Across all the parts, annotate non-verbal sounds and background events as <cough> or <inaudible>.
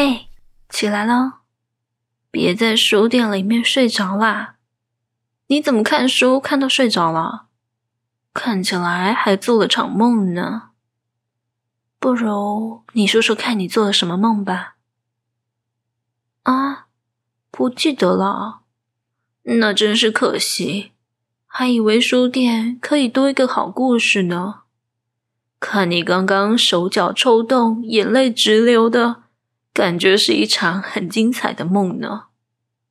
嘿，hey, 起來了！別在書店裡面睡着啦！你怎麼看書看到睡着了？看起來還做了場夢呢。不如你說說看你做了什麼夢吧。啊，不記得了。那真是可惜，還以為書店可以多一個好故事呢。看你剛剛手腳抽動，眼淚直流的。感覺是一場很精彩的夢呢，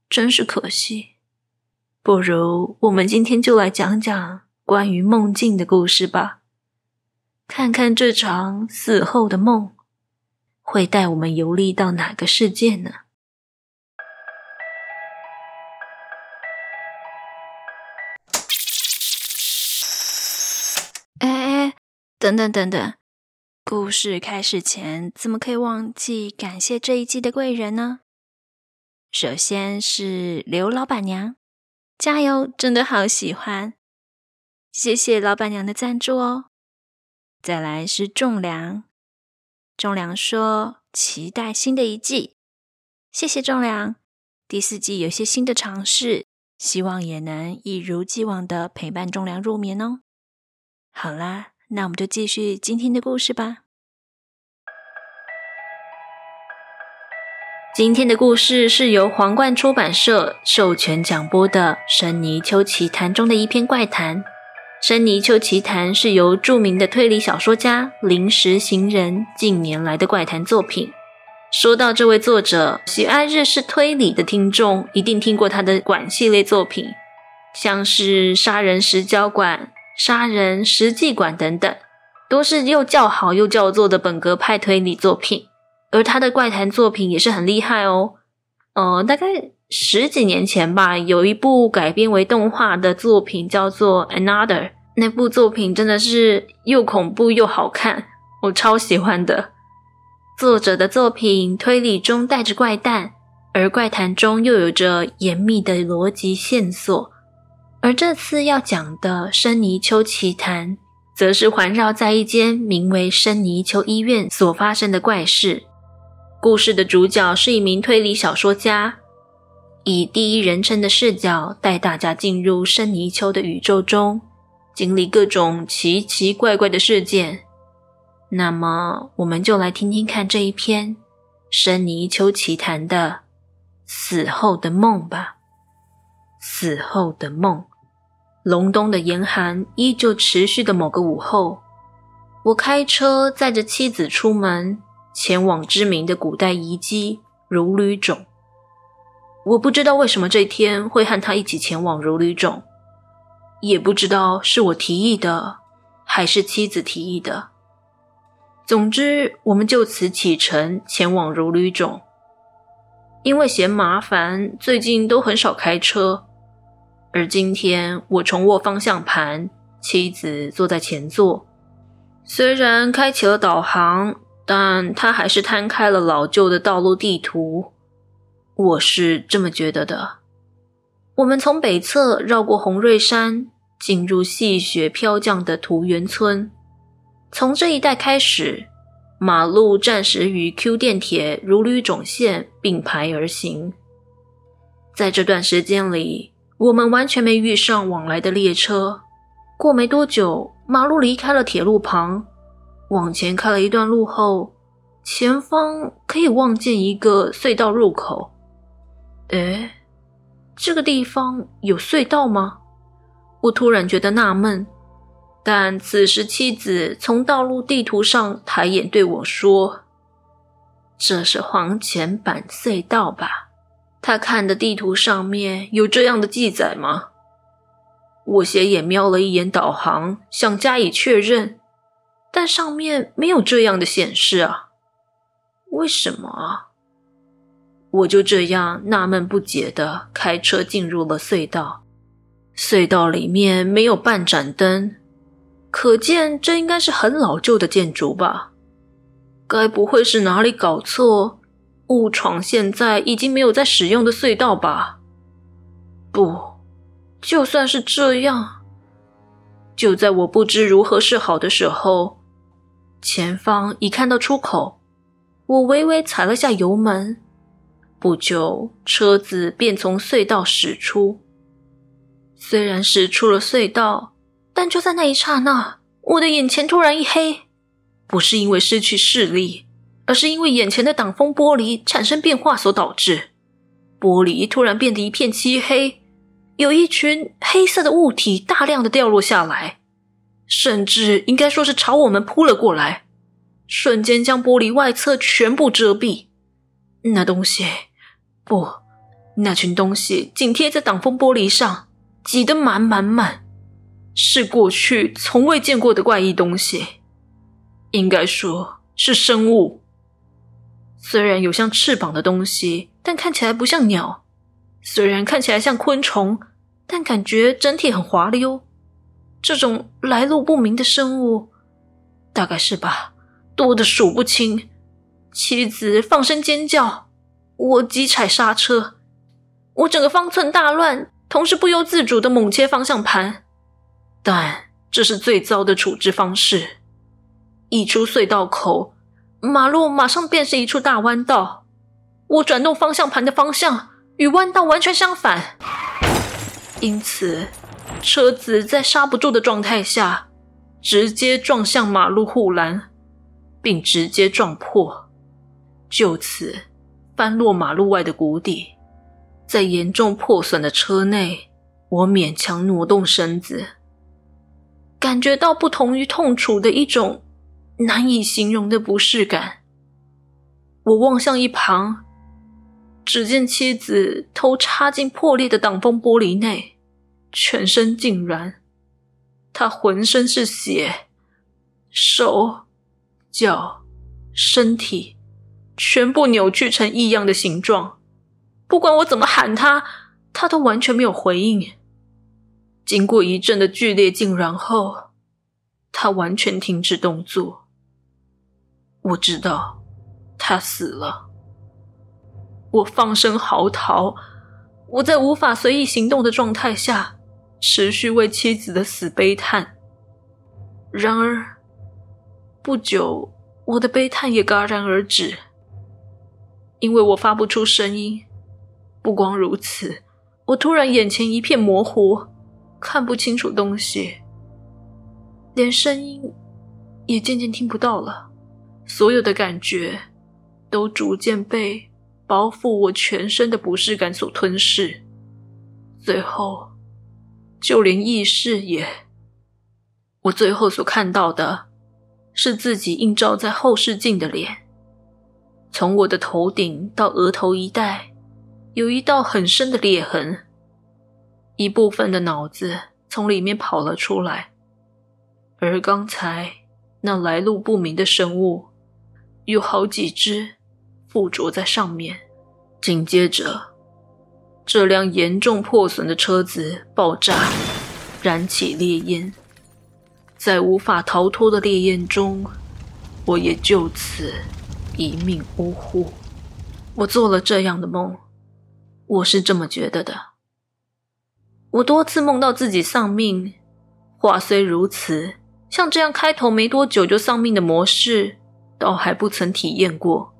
真是可惜。不如我們今天就來講講關於夢境的故事吧，看看這場死後的夢會帶我們遊歷到哪個世界呢？哎哎，等等等等。故事開始前，怎麼可以忘記感謝這一季的貴人呢？首先是劉老板娘，加油，真的好喜歡，謝謝老板娘的贊助哦。再來是仲良，仲良說期待新的一季，謝謝仲良。第四季有些新的嘗試，希望也能一如既往的陪伴仲良入眠哦。好啦。那我們就繼續今天的故事吧。今天的故事是由皇冠出版社授權講播的《深泥丘奇談》中的一篇怪談。《深泥丘奇談》是由著名的推理小說家綾辻行人近年來的怪談作品。說到這位作者，喜愛日式推理的聽眾一定聽過他的《館》系列作品，像是《殺人十角館》。殺人、時計館等等，都是又叫好又叫座的本格派推理作品。而他的怪談作品也是很厲害哦。呃、哦，大概十幾年前吧，有一部改編為動畫的作品叫做《Another》，那部作品真的是又恐怖又好看，我超喜歡的。作者的作品推理中帶着怪誕，而怪談中又有着嚴密的邏輯線索。而這次要講的《深泥丘奇談》，則是環繞在一間名為“深泥丘醫院”所發生的怪事。故事的主角是一名推理小說家，以第一人稱的視角帶大家進入深泥丘的宇宙中，經歷各種奇奇怪怪的事件。那麼，我們就來聽聽看這一篇《深泥丘奇談》的“死後的夢”吧，“死後的夢”。隆冬的嚴寒依舊持續的某個午後，我開車載着妻子出門，前往知名的古代遺跡如履冢。我不知道為什麼這天會和他一起前往如履冢，也不知道是我提議的還是妻子提議的。總之，我們就此啟程前往如履冢。因為嫌麻煩，最近都很少開車。而今天，我重握方向盤，妻子坐在前座。雖然開啟了導航，但她還是攤開了老舊的道路地圖。我是這麼覺得的。我們從北側繞過紅瑞山，進入細雪飄降的圖園村。從這一帶開始，馬路暫時與 Q 電鐵如履總線並排而行。在這段時間裡。我們完全沒遇上往來的列車。過沒多久，馬路離開了鐵路旁，往前開了一段路後，前方可以望見一個隧道入口。誒，這個地方有隧道嗎？我突然覺得納悶。但此時妻子從道路地圖上抬眼對我說：“這是黃泉坂隧道吧？”他看的地圖上面有這樣的記載嗎？我斜眼瞄了一眼導航，想加以確認，但上面沒有這樣的顯示啊。為什麼啊？我就這樣納悶不解的開車進入了隧道。隧道裡面沒有半盞燈，可見這應該是很老舊的建築吧？該不會是哪裡搞錯？誤闖現在已經沒有在使用的隧道吧？不，就算是這樣。就在我不知如何是好的時候，前方已看到出口，我微微踩了下油門，不久車子便從隧道駛出。雖然駛出了隧道，但就在那一剎那，我的眼前突然一黑，不是因為失去視力。而是因為眼前的擋風玻璃產生變化所導致，玻璃突然變得一片漆黑，有一群黑色的物體大量的掉落下來，甚至應該說是朝我們撲了過來，瞬間將玻璃外側全部遮蔽。那東西，不，那群東西緊貼在擋風玻璃上，擠得滿滿滿，是過去從未見過的怪異東西，應該說是生物。雖然有像翅膀的東西，但看起來不像鳥；雖然看起來像昆蟲，但感覺整體很滑溜。這種來路不明的生物，大概是吧，多得數不清。妻子放聲尖叫，我急踩剎車，我整個方寸大亂，同時不由自主的猛切方向盤。但這是最糟的處置方式。一出隧道口。馬路馬上便是一處大彎道，我轉動方向盤的方向與彎道完全相反，因此車子在剎不住的狀態下，直接撞向馬路護欄，並直接撞破，就此翻落馬路外的谷底。在嚴重破損的車內，我勉強挪動身子，感覺到不同於痛楚的一種。難以形容的不適感。我望向一旁，只見妻子頭插進破裂的擋風玻璃內，全身痙攣。她渾身是血，手、腳、身體全部扭曲成異樣的形狀。不管我怎麼喊她，她都完全沒有回應。經過一陣的劇烈痙攣後，她完全停止動作。我知道，他死了。我放聲嚎啕，我在無法隨意行動的狀態下，持續為妻子的死悲嘆。然而，不久我的悲嘆也戛然而止，因為我發不出聲音。不光如此，我突然眼前一片模糊，看不清楚東西，連聲音也漸漸聽不到了。所有的感覺都逐漸被包覆我全身的不適感所吞噬，最後就連意識也。我最後所看到的是自己映照在後視鏡的臉，從我的頭頂到額頭一帶，有一道很深的裂痕，一部分的腦子從裡面跑了出來，而剛才那來路不明的生物。有好幾隻附着在上面。緊接着，這輛嚴重破損的車子爆炸，燃起烈焰。在無法逃脫的烈焰中，我也就此一命嗚呼。我做了這樣的夢，我是這麼覺得的。我多次夢到自己喪命，話雖如此，像這樣開頭沒多久就喪命的模式。倒還不曾體驗過，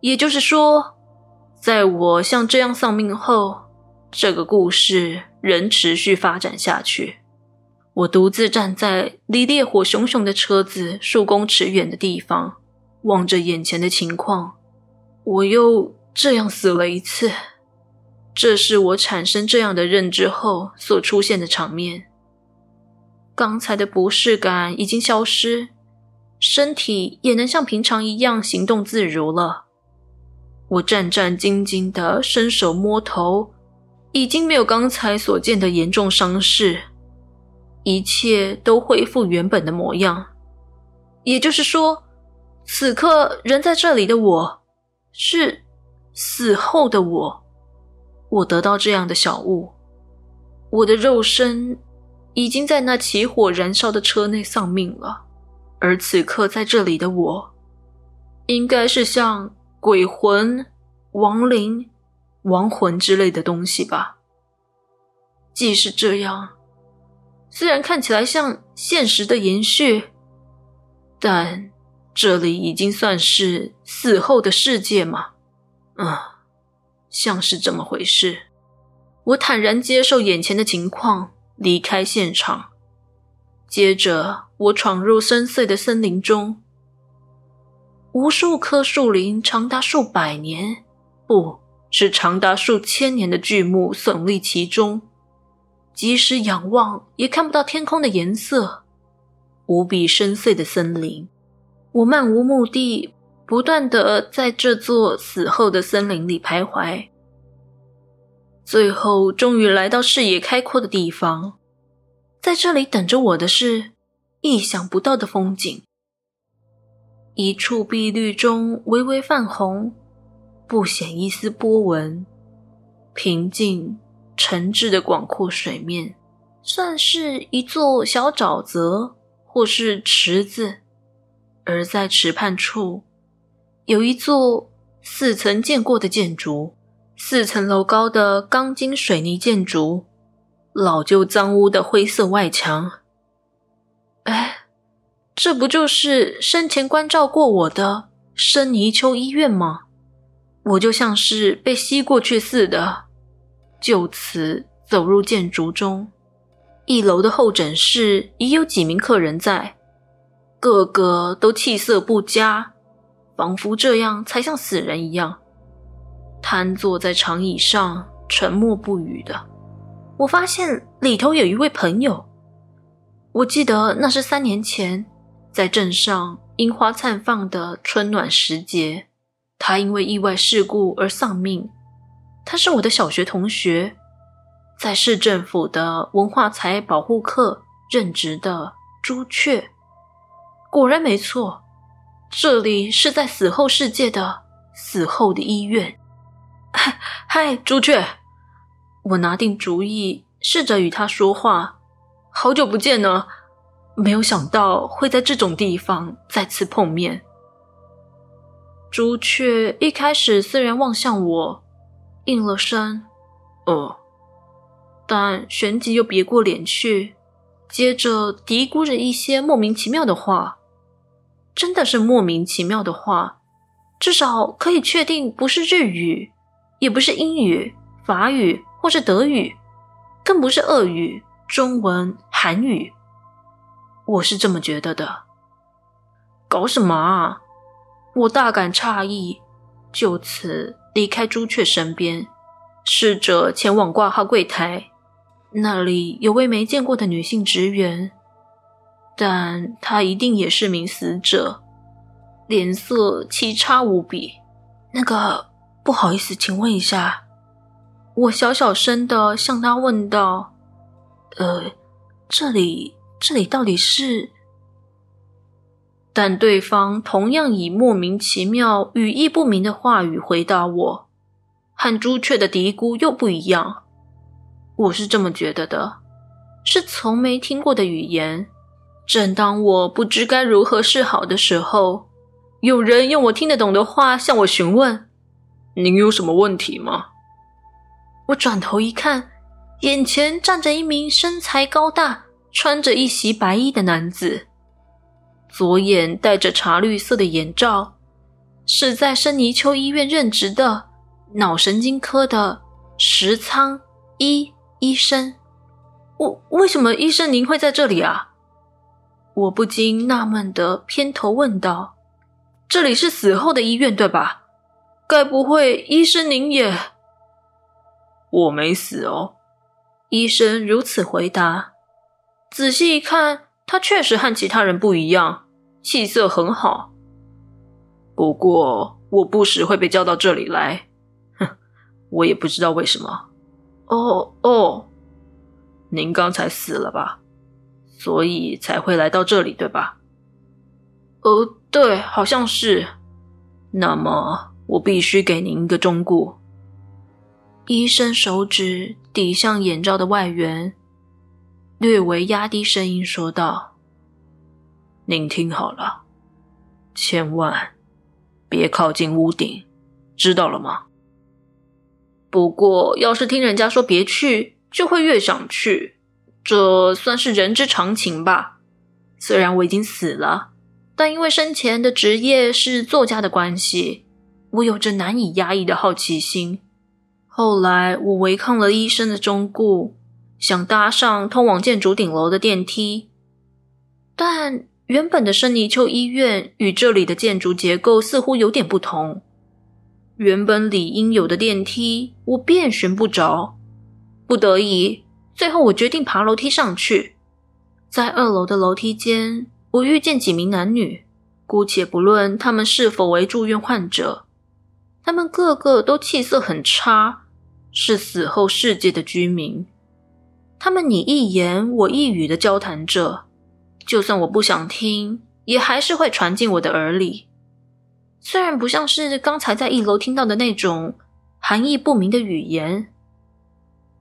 也就是說，在我像這樣喪命後，這個故事仍持續發展下去。我獨自站在離烈火熊熊的車子數公尺遠的地方，望着眼前的情況。我又這樣死了一次，這是我產生這樣的認知後所出現的場面。剛才的不適感已經消失。身體也能像平常一樣行動自如了。我戰戰兢兢地伸手摸頭，已經沒有剛才所見的嚴重傷勢，一切都恢復原本的模樣。也就是說，此刻人在這裡的我，是死後的我。我得到這樣的小物，我的肉身已經在那起火燃燒的車內喪命了。而此刻在這裡的我，應該是像鬼魂、亡靈、亡魂之類的東西吧。既是這樣，雖然看起來像現實的延續，但這裡已經算是死後的世界嗎？嗯，像是這麼回事。我坦然接受眼前的情況，離開現場。接着，我闖入深邃的森林中，無數棵樹林長達數百年，不，是長達數千年的巨木聳立其中，即使仰望也看不到天空的顏色。無比深邃的森林，我漫無目的，不斷的在這座死後的森林裡徘徊，最後終於來到視野開闊的地方。在這裡等着我的是意想不到的風景：一處碧綠中微微泛紅、不顯一絲波紋、平靜沉滯的廣闊水面，算是一座小沼澤或是池子；而在池畔處，有一座似曾見過的建築——四層樓高的鋼筋水泥建築。老舊髒污的灰色外牆，哎，這不就是生前關照過我的深泥丘醫院嗎？我就像是被吸過去似的，就此走入建築中。一樓的候診室已有幾名客人在，個個都氣色不佳，仿佛這樣才像死人一樣，癱坐在長椅上，沉默不語的。我發現裡頭有一位朋友，我記得那是三年前，在鎮上櫻花綻放的春暖時節，他因為意外事故而喪命。他是我的小學同學，在市政府的文化財保護課任職的朱雀。果然沒錯，這裡是在死後世界的死後的醫院。嗨，朱雀。我拿定主意，試着與他說話。好久不見呢，沒有想到會在這種地方再次碰面。朱雀一開始雖然望向我，應了聲“哦”，但旋即又別過臉去，接着嘀咕着一些莫名其妙的話。真的是莫名其妙的話，至少可以確定不是日語，也不是英語、法語。或是德語，更不是俄語、中文、韓語，我是這麼覺得的。搞什麼啊？我大感詫異，就此離開朱雀身邊，試着前往掛號櫃檯。那裡有位沒見過的女性職員，但她一定也是名死者，臉色奇差無比。那個，不好意思，請問一下。我小小聲的向他問道：“呃，這裡，這裡到底是？”但對方同樣以莫名其妙、語義不明的話語回答我，和朱雀的嘀咕又不一樣。我是這麼覺得的，是從沒聽過的語言。正當我不知該如何是好的時候，有人用我聽得懂的話向我詢問：“您有什麼問題嗎？”我轉頭一看，眼前站着一名身材高大、穿着一襲白衣的男子，左眼戴着茶綠色的眼罩，是在深泥丘醫院任職的腦神經科的石倉醫醫生。我，為什麼醫生您會在這裡啊？我不禁納悶的偏頭問道：“這裡是死後的醫院，對吧？該不會醫生您也……”我沒死哦，醫生如此回答。仔細一看，他確實和其他人不一樣，氣色很好。不過，我不時會被叫到這裡來，哼，我也不知道為什麼。哦哦，您剛才死了吧？所以才會來到這裡，對吧？呃，對，好像是。那麼，我必須給您一個忠告。醫生手指抵向眼罩的外緣，略微壓低聲音說道：“您聽好了，千萬別靠近屋頂，知道了嗎？不過，要是聽人家說別去，就會越想去，這算是人之常情吧。雖然我已經死了，但因為生前的職業是作家的關係，我有着難以壓抑的好奇心。”後來，我違抗了醫生的忠告，想搭上通往建築頂樓的電梯，但原本的深泥丘醫院與這裡的建築結構似乎有點不同。原本理應有的電梯，我遍尋不着。不得已，最後我決定爬樓梯上去。在二樓的樓梯間，我遇見幾名男女，姑且不論他們是否為住院患者，他們個個都氣色很差。是死後世界的居民，他們你一言我一語的交談着，就算我不想聽，也還是會傳進我的耳裡。雖然不像是剛才在一樓聽到的那種含義不明的語言，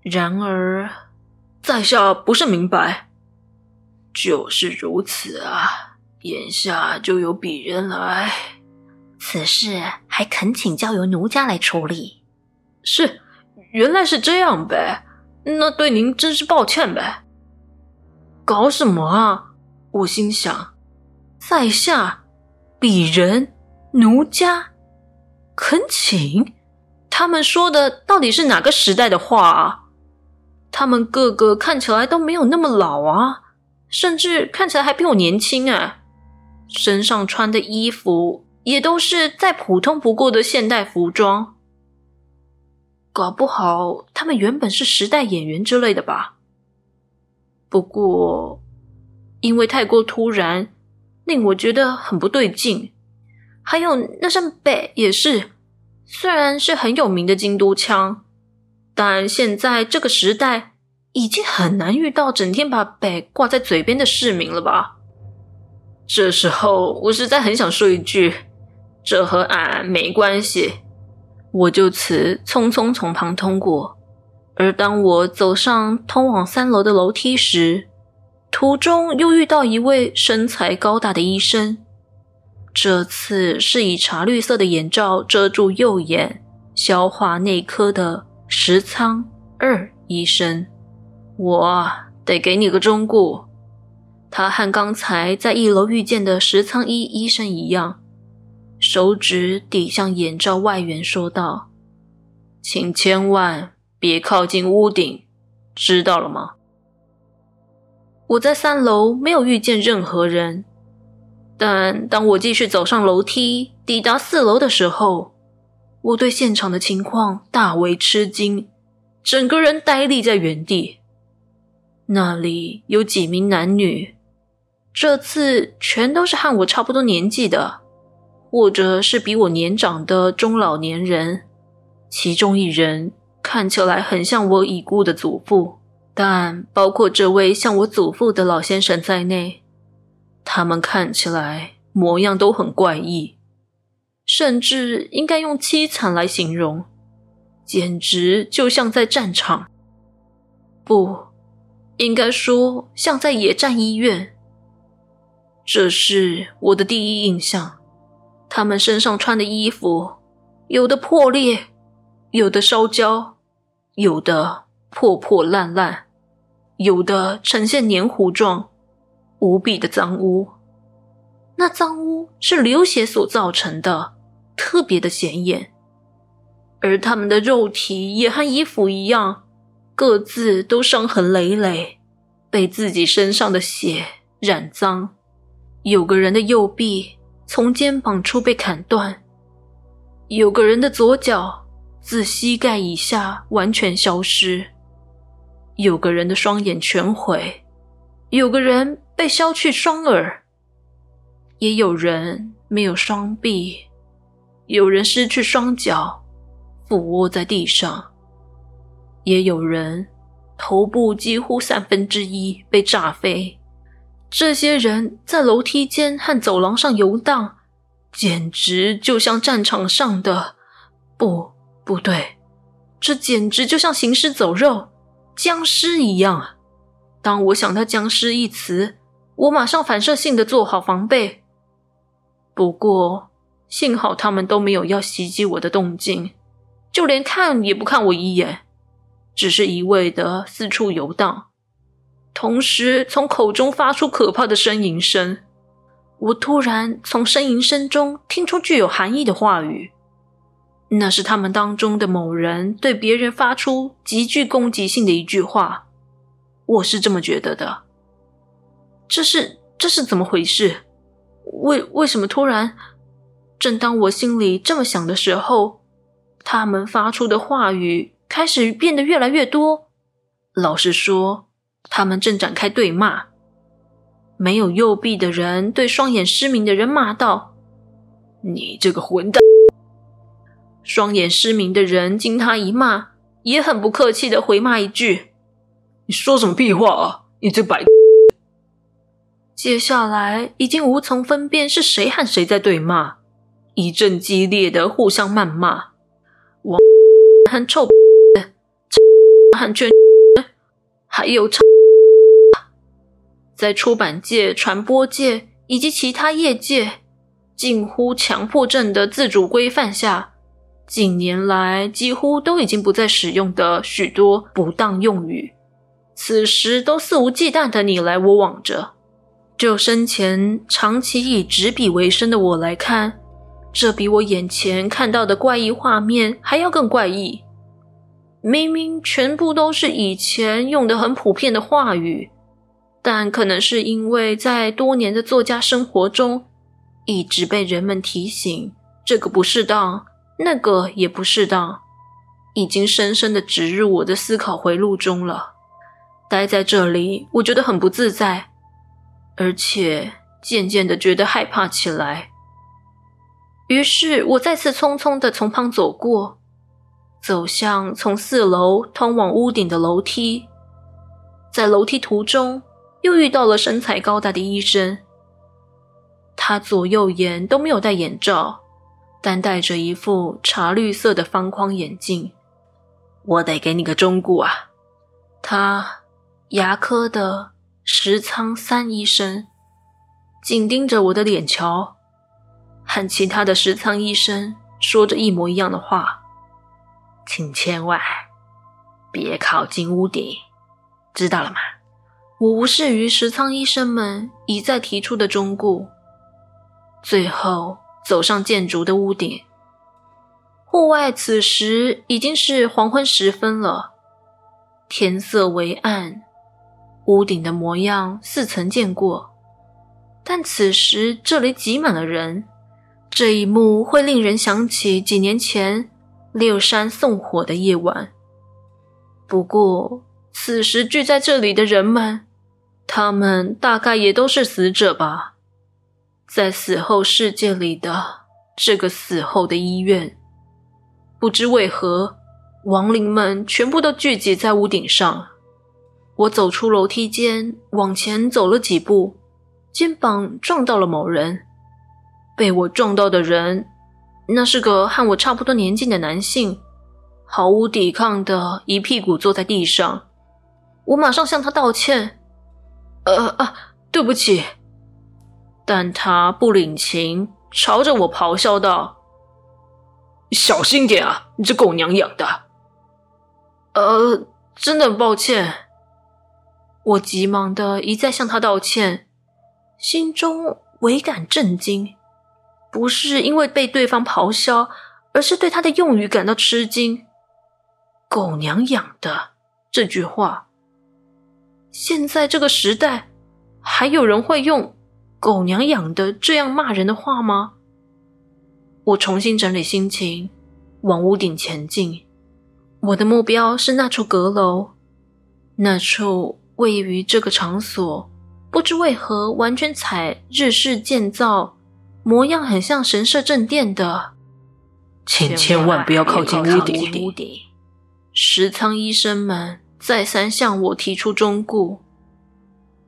然而在下不是明白，就是如此啊。眼下就由鄙人來，此事還懇請交由奴家來處理。是。原來是這樣唄，那對您真是抱歉唄。搞什麼啊？我心想。在下、鄙人、奴家、懇請，他們說的到底是哪個時代的話啊？他們個個看起來都沒有那麼老啊，甚至看起來還比我年輕哎、啊。身上穿的衣服也都是再普通不過的現代服裝。搞不好他們原本是時代演員之類的吧。不過，因為太過突然，令我覺得很不對勁。還有那聲“北”也是，雖然是很有名的京都腔，但現在這個時代已經很難遇到整天把“北”掛在嘴邊的市民了吧？這時候，我實在很想說一句：“這和俺沒關係。”我就此匆匆從旁通過，而當我走上通往三樓的樓梯時，途中又遇到一位身材高大的醫生，這次是以茶綠色的眼罩遮住右眼，消化內科的石倉二醫生。我得給你個忠告，他和剛才在一樓遇見的石倉一醫生一樣，手指抵向眼罩外緣，說道：“請千萬別靠近屋頂，知道了嗎？”我在三樓沒有遇見任何人，但當我繼續走上樓梯，抵達四樓的時候，我對現場的情況大為吃驚，整個人呆立在原地。那裡有幾名男女，這次全都是和我差不多年紀的。或者是比我年長的中老年人，其中一人看起來很像我已故的祖父，但包括這位像我祖父的老先生在內，他們看起來模樣都很怪異，甚至應該用淒慘來形容，簡直就像在戰場。不，應該說像在野戰醫院。這是我的第一印象。他們身上穿的衣服，有的破裂，有的燒焦，有的破破爛爛，有的呈現黏糊狀，無比的髒汙。那髒汙是流血所造成的，特別的顯眼。而他們的肉體也和衣服一樣，各自都傷痕累累，被自己身上的血染髒。有個人的右臂。從肩膀處被砍斷，有個人的左腳自膝蓋以下完全消失；有個人的雙眼全毀；有個人被削去雙耳；也有人沒有雙臂；有人失去雙腳，俯臥在地上；也有人頭部幾乎三分之一被炸飛。這些人在樓梯間和走廊上遊蕩，簡直就像戰場上的……不，不對，這簡直就像行屍走肉、殭屍一樣啊！當我想到“殭屍”一詞，我馬上反射性的做好防備。不過幸好他們都沒有要襲擊我的動靜，就連看也不看我一眼，只是一味的四處遊蕩。同時，從口中發出可怕的呻吟聲。我突然從呻吟聲中聽出具有含義的話語，那是他們當中的某人對別人發出極具攻擊性的一句話。我是這麼覺得的。這是這是怎麼回事？為為什麼突然？正當我心裡這麼想的時候，他們發出的話語開始變得越來越多。老實說。他們正展開對罵，沒有右臂的人對雙眼失明的人罵道：“你這個混蛋！”雙眼失明的人經他一罵，也很不客氣地回罵一句：“你說什麼屁話啊？你這擺……”接下來已經無從分辨是誰和誰在對罵，一陣激烈的互相謾罵。我很醜，很缺。還有，在出版界、傳播界以及其他業界，近乎強迫症的自主規範下，近年來幾乎都已經不再使用的許多不當用語，此時都肆無忌憚的你來我往着。就生前長期以執筆為生的我來看，這比我眼前看到的怪異畫面還要更怪異。明明全部都是以前用的很普遍的話語，但可能是因為在多年的作家生活中，一直被人們提醒，這個不適當，那個也不適當，已經深深的植入我的思考回路中了。待在這裡，我覺得很不自在，而且漸漸的覺得害怕起來。於是我再次匆匆的從旁走過。走向從四樓通往屋頂的樓梯，在樓梯途中又遇到了身材高大的醫生。他左右眼都沒有戴眼罩，但戴着一副茶綠色的方框眼鏡。我得給你個忠告啊，他牙科的石倉三醫生緊盯着我的臉瞧，和其他的石倉醫生說着一模一樣的話。請千萬別靠近屋頂，知道了嗎？我無視於石倉醫生們一再提出的忠告，最後走上建築的屋頂。戶外此時已經是黃昏時分了，天色微暗，屋頂的模樣似曾見過，但此時這裡擠滿了人，這一幕會令人想起幾年前。六山送火的夜晚。不過，此時聚在這裡的人們，他們大概也都是死者吧？在死後世界裡的這個死後的醫院，不知為何，亡靈們全部都聚集在屋頂上。我走出樓梯間，往前走了幾步，肩膀撞到了某人。被我撞到的人，那是個和我差不多年紀的男性，毫無抵抗，的一屁股坐在地上。我馬上向他道歉：“呃啊，對不起。”但他不領情，朝着我咆哮道：“小心點啊，你這狗娘養的！”“呃，真的很抱歉。”我急忙的一再向他道歉，心中唯感震驚。不是因為被對方咆哮，而是對他的用語感到吃驚。“狗娘養的”這句話，現在這個時代還有人會用“狗娘養的”這樣罵人的話嗎？我重新整理心情，往屋頂前進。我的目標是那處閣樓，那處位於這個場所，不知為何完全採日式建造。模樣很像神社正殿的，請千,千萬不要靠近屋頂。千千屋頂，石倉醫生們再三向我提出忠告，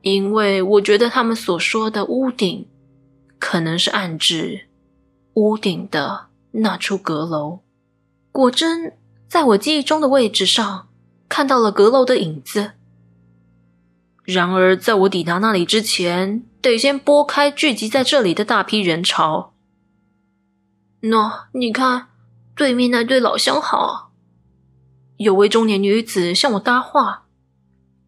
因為我覺得他們所說的屋頂，可能是暗指屋頂的那處閣樓。果真，在我記憶中的位置上，看到了閣樓的影子。然而，在我抵達那裡之前。得先撥開聚集在這裡的大批人潮。喏，no，你看對面那對老相好，有位中年女子向我搭話。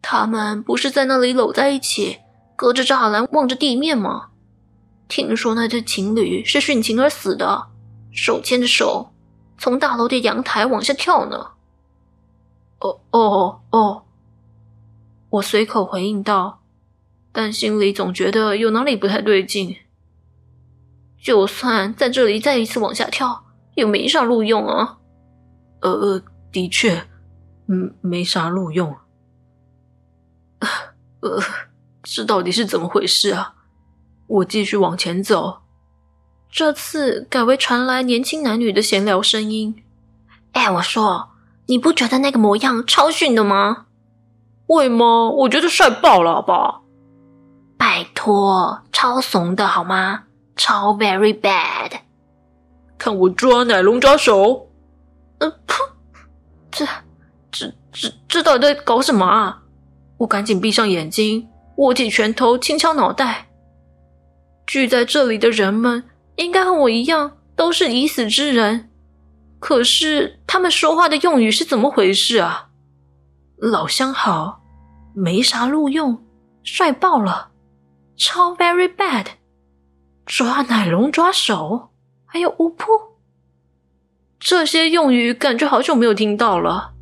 他們不是在那裡摟在一起，隔着柵欄望着地面嗎？聽說那對情侶是殉情而死的，手牽着手從大樓的陽台往下跳呢。哦哦哦哦，我隨口回應道。但心裡總覺得有哪裡不太對勁。就算在這裡再一次往下跳，也沒啥路用啊。呃，呃，的確，嗯，沒啥路用。呃，這到底是怎麼回事啊？我繼續往前走，這次改為傳來年輕男女的閒聊聲音。哎，我說，你不覺得那個模樣超遜的嗎？會嗎？我覺得帥爆了，好吧？拜託，超慫的好嗎？超 very bad！看我抓奶龍爪手！呃、嗯、噗！這、這、這、這到底在搞什麼啊？我趕緊閉上眼睛，握緊拳頭，輕敲腦袋。聚在這裡的人們應該和我一樣都是已死之人，可是他們說話的用語是怎麼回事啊？老相好，沒啥路用，帥爆了！超 very bad，抓奶龍抓手，還有巫婆，這些用語感覺好久沒有聽到了。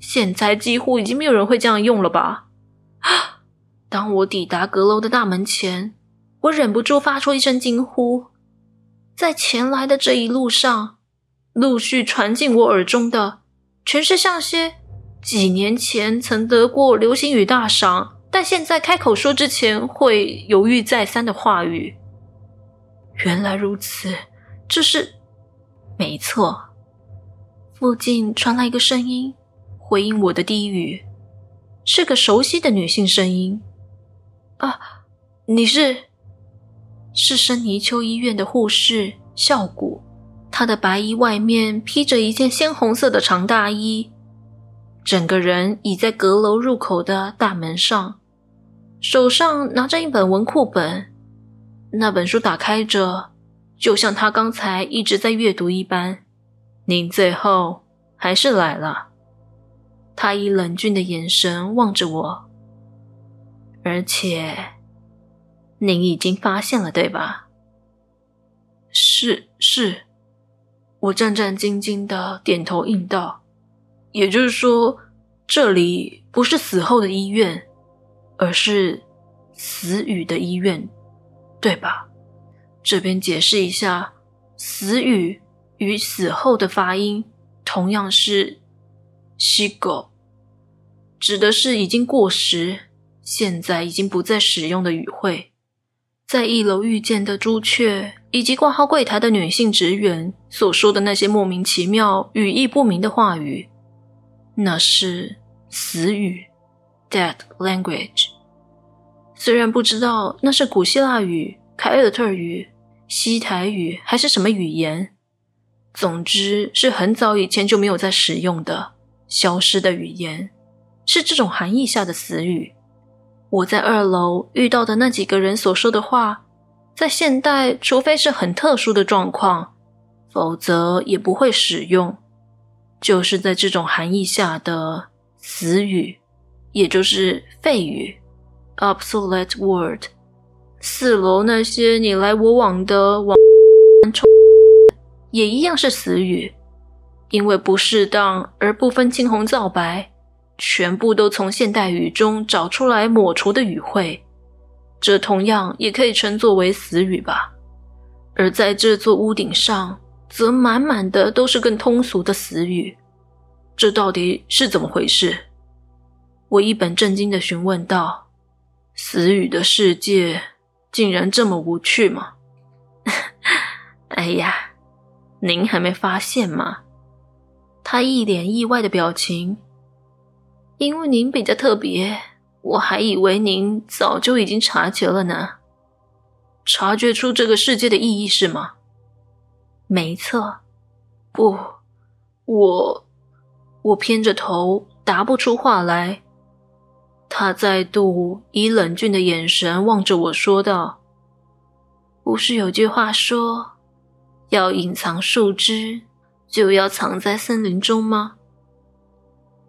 現在幾乎已經沒有人會這樣用了吧？當我抵達閣樓的大門前，我忍不住發出一聲驚呼。在前來的這一路上，陸續傳進我耳中的，全是像些幾年前曾得過流行語大賞。但現在開口說之前會猶豫再三的話語，原來如此，這是沒錯。附近傳來一個聲音回應我的低語，是個熟悉的女性聲音。啊，你是？是深泥丘醫院的護士笑谷，她的白衣外面披着一件鮮紅色的長大衣，整個人倚在閣樓入口的大門上。手上拿着一本文庫本，那本書打開着，就像他剛才一直在閱讀一般。您最後還是來了，他以冷峻的眼神望着我，而且您已經發現了，對吧？是是，我戰戰兢兢的點頭應道。也就是說，這裡不是死後的醫院。而是死語的醫院，對吧？這邊解釋一下，死語與死後的發音同樣是 shigo，指的是已經過時、現在已經不再使用的語彙。在一樓遇見的朱雀以及掛號櫃台的女性職員所說的那些莫名其妙、語意不明的話語，那是死語 （dead language）。雖然不知道那是古希臘語、凱爾特語、西臺語還是什麼語言，總之是很早以前就沒有在使用的消失的語言，是這種含義下的死語。我在二樓遇到的那幾個人所說的話，在現代除非是很特殊的狀況，否則也不會使用，就是在這種含義下的死語，也就是廢語。Obsolete word，四樓那些你來我往的往也一樣是死語，因為不適當而不分青紅皂白，全部都從現代語中找出來抹除的語彙，這同樣也可以稱作為死語吧。而在這座屋頂上，則滿滿的都是更通俗的死語，這到底是怎麼回事？我一本正經的詢問道。死語的世界竟然這麼無趣嗎？ <laughs> 哎呀，您還沒發現嗎？他一臉意外的表情，因為您比較特別，我還以為您早就已經察覺了呢。察覺出這個世界的意義是嗎？沒錯。不，我……我偏着頭，答不出話來。他再度以冷峻的眼神望着我說道：“不是有句話說，要隱藏樹枝，就要藏在森林中嗎？”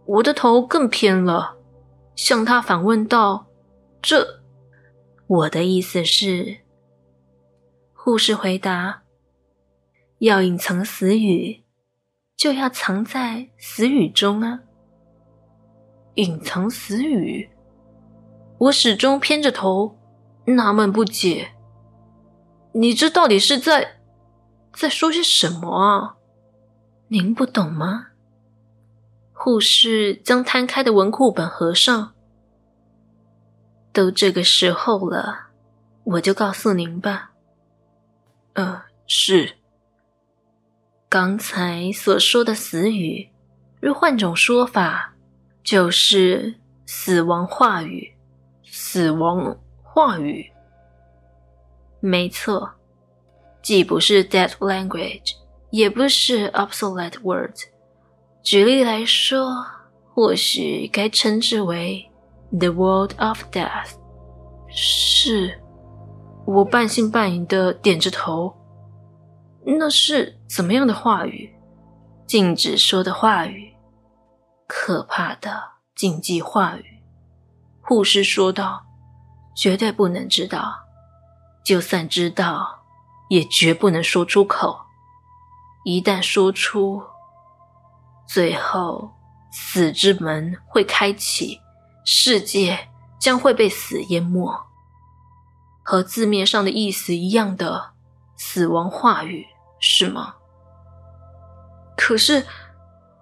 我的頭更偏了，向他反問道：“這，我的意思是……”護士回答：“要隱藏死語，就要藏在死語中啊。”隱藏死語，我始終偏着頭，納悶不解。你這到底是在在說些什麼啊？您不懂嗎？護士將攤開的文庫本合上。都這個時候了，我就告訴您吧。呃，是剛才所說的死語，若換種說法。就是死亡話語，死亡話語，沒錯，既不是 dead language，也不是 obsolete words。舉例來說，或許該稱之為 the world of death。是，我半信半疑的點着頭，那是怎麼樣的話語？禁止說的話語。可怕的禁忌話語，護士說道：“絕對不能知道，就算知道，也絕不能說出口。一旦說出，最後死之門會開啟，世界將會被死淹沒。和字面上的意思一樣的死亡話語，是嗎？可是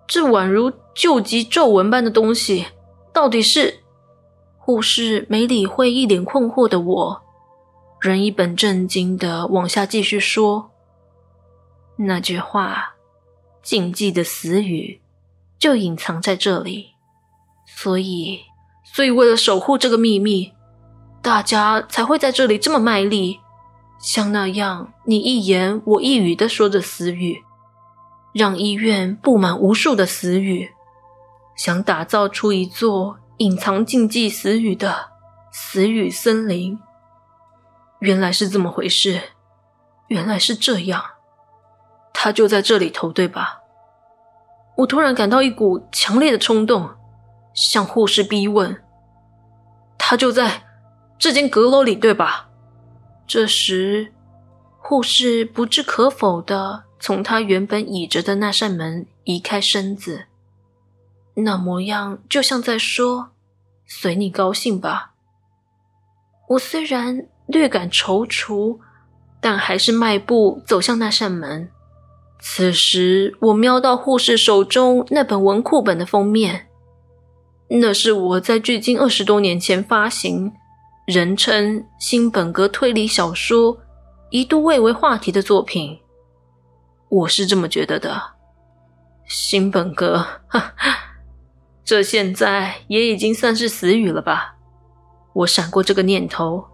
這宛如……”救急皺紋般的東西，到底是？護士沒理會一臉困惑的我，仍一本正經的往下繼續說。那句話，禁忌的死語，就隱藏在這裡。所以，所以為了守護這個秘密，大家才會在這裡這麼賣力，像那樣你一言我一語地說的說着死語，讓醫院布滿無數的死語。想打造出一座隱藏禁忌死語的死語森林，原來是這麼回事，原來是這樣。他就在這裡頭，對吧？我突然感到一股強烈的衝動，向護士逼問：“他就在這間閣樓裡，對吧？”這時，護士不置可否的從她原本倚着的那扇門移開身子。那模樣就像在說“隨你高興吧”。我雖然略感躊躇，但還是邁步走向那扇門。此時，我瞄到護士手中那本文庫本的封面，那是我在距今二十多年前發行、人稱“新本格推理小說”一度蔚為話題的作品。我是這麼覺得的，“新本格”呵呵。這現在也已經算是死語了吧？我閃過這個念頭，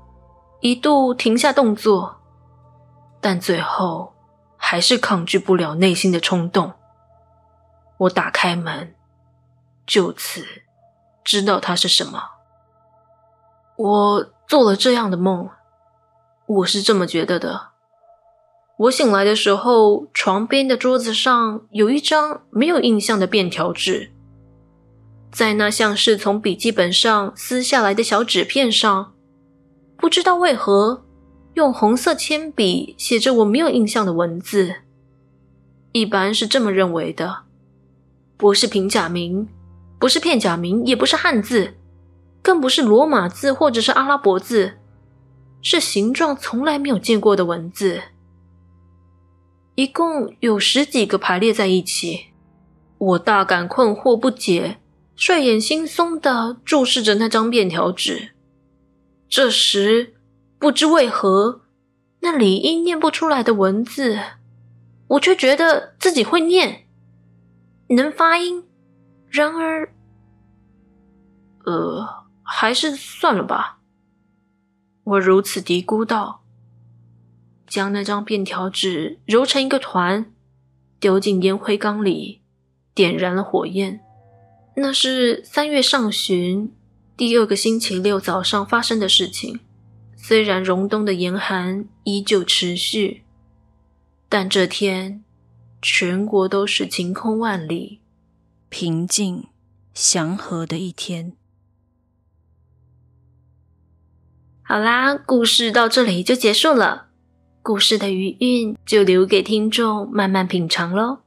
一度停下動作，但最後還是抗拒不了內心的衝動。我打開門，就此知道它是什麼。我做了這樣的夢，我是這麼覺得的。我醒來的時候，床邊的桌子上有一張沒有印象的便條紙。在那像是從筆記本上撕下來的小紙片上，不知道為何用紅色鉛筆寫着我沒有印象的文字。一般是這麼認為的：不是平假名，不是片假名，也不是漢字，更不是羅馬字或者是阿拉伯字，是形狀從來沒有見過的文字。一共有十幾個排列在一起，我大感困惑不解。睡眼惺忪的注視着那張便條紙，這時不知為何，那理應念不出來的文字，我卻覺得自己會念，能發音。然而，呃，還是算了吧。我如此嘀咕道，將那張便條紙揉成一個團，丟進煙灰缸裡，點燃了火焰。那是三月上旬第二個星期六早上發生的事情。雖然隆冬的嚴寒依舊持續，但這天全國都是晴空萬里、平靜祥和的一天。好啦，故事到這裡就結束了，故事的餘韻就留給聽眾慢慢品嘗嘍。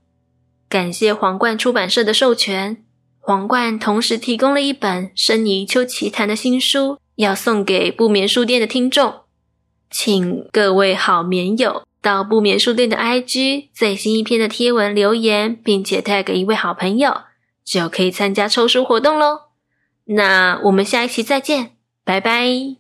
感謝皇冠出版社的授權。皇冠同時提供了一本《深泥丘奇談》的新書，要送給不眠書店的聽眾，請各位好眠友到不眠書店的 IG 最新一篇的貼文留言，並且 tag 一位好朋友，就可以參加抽書活動嘍。那我們下一期再見，拜拜。